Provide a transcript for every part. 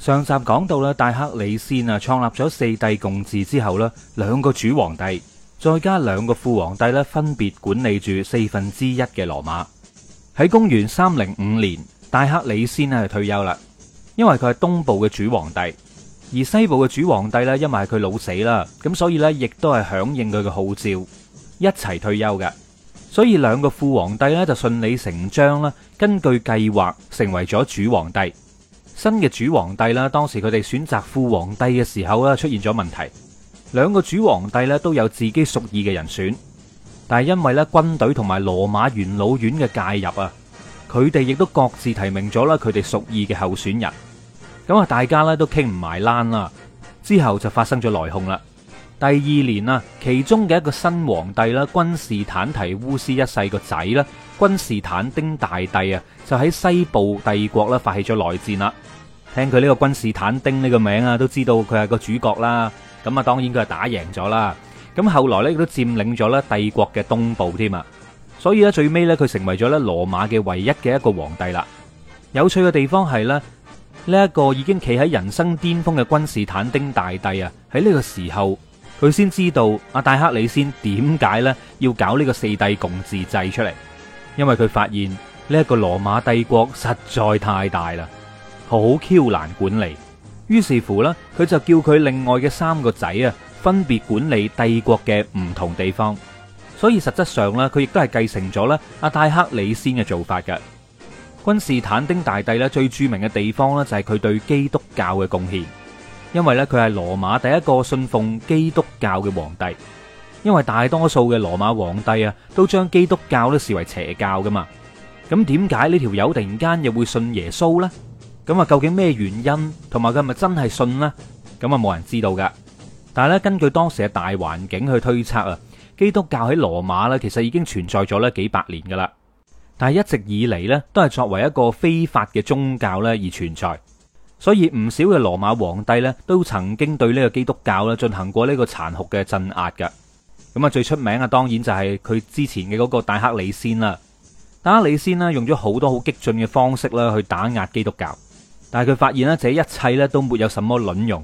上集講到啦，戴克里先啊創立咗四帝共治之後咧，兩個主皇帝，再加兩個副皇帝咧，分別管理住四分之一嘅羅馬。喺公元三零五年，戴克里先咧就退休啦，因為佢係東部嘅主皇帝，而西部嘅主皇帝咧，因為係佢老死啦，咁所以呢亦都係響應佢嘅號召，一齊退休嘅。所以兩個副皇帝呢，就順理成章啦，根據計劃成為咗主皇帝。新嘅主皇帝啦，當時佢哋選擇副皇帝嘅時候啦，出現咗問題。兩個主皇帝呢，都有自己屬意嘅人選，但係因為咧軍隊同埋羅馬元老院嘅介入啊，佢哋亦都各自提名咗啦佢哋屬意嘅候選人。咁啊，大家咧都傾唔埋欄啦。之後就發生咗內訌啦。第二年啊，其中嘅一個新皇帝啦，君士坦提烏斯一世個仔啦，君士坦丁大帝啊，就喺西部帝國咧發起咗內戰啦。聽佢呢個君士坦丁呢個名啊，都知道佢係個主角啦。咁啊，當然佢係打贏咗啦。咁後來呢，亦都佔領咗呢帝國嘅東部添啊。所以呢，最尾呢，佢成為咗呢羅馬嘅唯一嘅一個皇帝啦。有趣嘅地方係呢，呢一個已經企喺人生巔峰嘅君士坦丁大帝啊，喺呢個時候佢先知道阿戴克里先點解呢要搞呢個四帝共治制出嚟，因為佢發現呢一個羅馬帝國實在太大啦。好 Q 難管理，於是乎呢佢就叫佢另外嘅三個仔啊，分別管理帝國嘅唔同地方。所以實質上呢佢亦都係繼承咗咧阿戴克里先嘅做法嘅。君士坦丁大帝咧最著名嘅地方呢，就係佢對基督教嘅貢獻，因為呢，佢係羅馬第一個信奉基督教嘅皇帝。因為大多數嘅羅馬皇帝啊，都將基督教都視為邪教噶嘛。咁點解呢條友突然間又會信耶穌呢？咁啊，究竟咩原因同埋佢係咪真係信呢？咁啊，冇人知道噶。但係咧，根據當時嘅大環境去推測啊，基督教喺羅馬咧，其實已經存在咗咧幾百年噶啦。但係一直以嚟咧，都係作為一個非法嘅宗教咧而存在。所以唔少嘅羅馬皇帝咧，都曾經對呢個基督教咧進行過呢個殘酷嘅鎮壓噶。咁啊，最出名嘅，當然就係佢之前嘅嗰個戴克里先啦。戴克里先咧，用咗好多好激進嘅方式咧去打壓基督教。但係佢發現咧，這一切咧都沒有什麼卵用，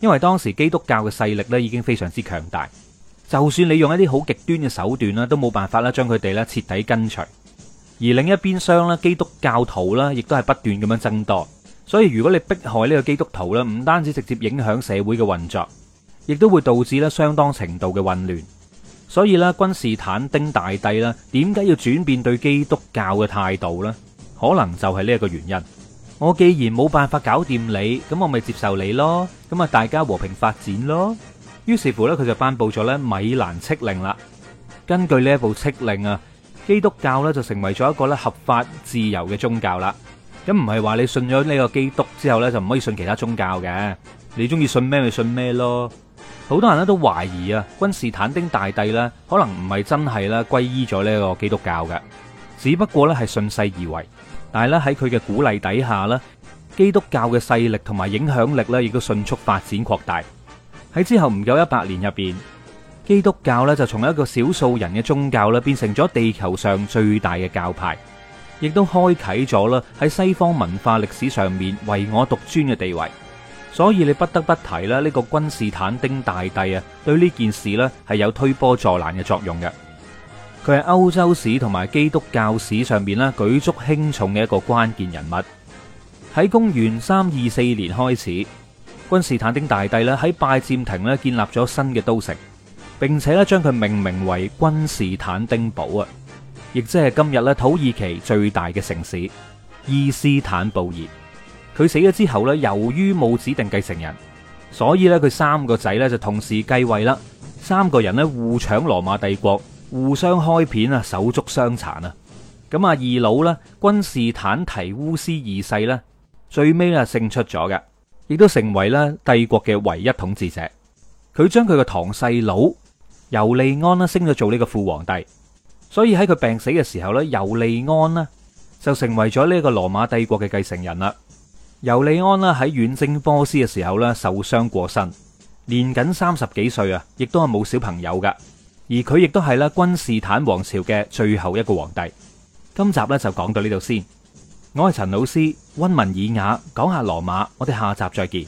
因為當時基督教嘅勢力咧已經非常之強大，就算你用一啲好極端嘅手段啦，都冇辦法啦將佢哋咧徹底根除。而另一邊廂咧，基督教徒啦亦都係不斷咁樣增多，所以如果你迫害呢個基督徒咧，唔單止直接影響社會嘅運作，亦都會導致咧相當程度嘅混亂。所以咧，君士坦丁大帝啦，點解要轉變對基督教嘅態度呢？可能就係呢一個原因。我既然冇辦法搞掂你，咁我咪接受你咯，咁啊大家和平發展咯。於是乎呢佢就頒布咗咧米蘭敕令啦。根據呢一部敕令啊，基督教呢就成為咗一個咧合法自由嘅宗教啦。咁唔係話你信咗呢個基督之後呢，就唔可以信其他宗教嘅，你中意信咩咪信咩咯。好多人咧都懷疑啊，君士坦丁大帝呢可能唔係真係啦歸依咗呢個基督教嘅，只不過呢係順勢而為。但係啦，喺佢嘅鼓勵底下啦，基督教嘅勢力同埋影響力咧，亦都迅速發展擴大。喺之後唔夠一百年入面，基督教咧就從一個少數人嘅宗教啦，變成咗地球上最大嘅教派，亦都開啟咗啦喺西方文化歷史上面唯我獨尊嘅地位。所以你不得不提啦，呢、這個君士坦丁大帝啊，對呢件事咧係有推波助瀾嘅作用嘅。佢係歐洲史同埋基督教史上邊咧舉足輕重嘅一個關鍵人物。喺公元三二四年開始，君士坦丁大帝咧喺拜占庭咧建立咗新嘅都城，並且咧將佢命名為君士坦丁堡啊，亦即係今日咧土耳其最大嘅城市伊斯坦布爾。佢死咗之後咧，由於冇指定繼承人，所以咧佢三個仔咧就同時繼位啦，三個人咧互搶羅馬帝國。互相開片啊，手足相殘啊！咁啊，二佬呢，君士坦提烏斯二世呢，最尾啊勝出咗嘅，亦都成為咧帝國嘅唯一統治者。佢將佢個堂細佬尤利安呢升咗做呢個副皇帝，所以喺佢病死嘅時候呢，尤利安呢就成為咗呢個羅馬帝國嘅繼承人啦。尤利安呢喺遠征波斯嘅時候呢，受傷過身，年僅三十幾歲啊，亦都係冇小朋友噶。而佢亦都係啦，君士坦丁王朝嘅最後一個皇帝。今集咧就講到呢度先。我係陳老師，溫文爾雅，講下羅馬，我哋下集再見。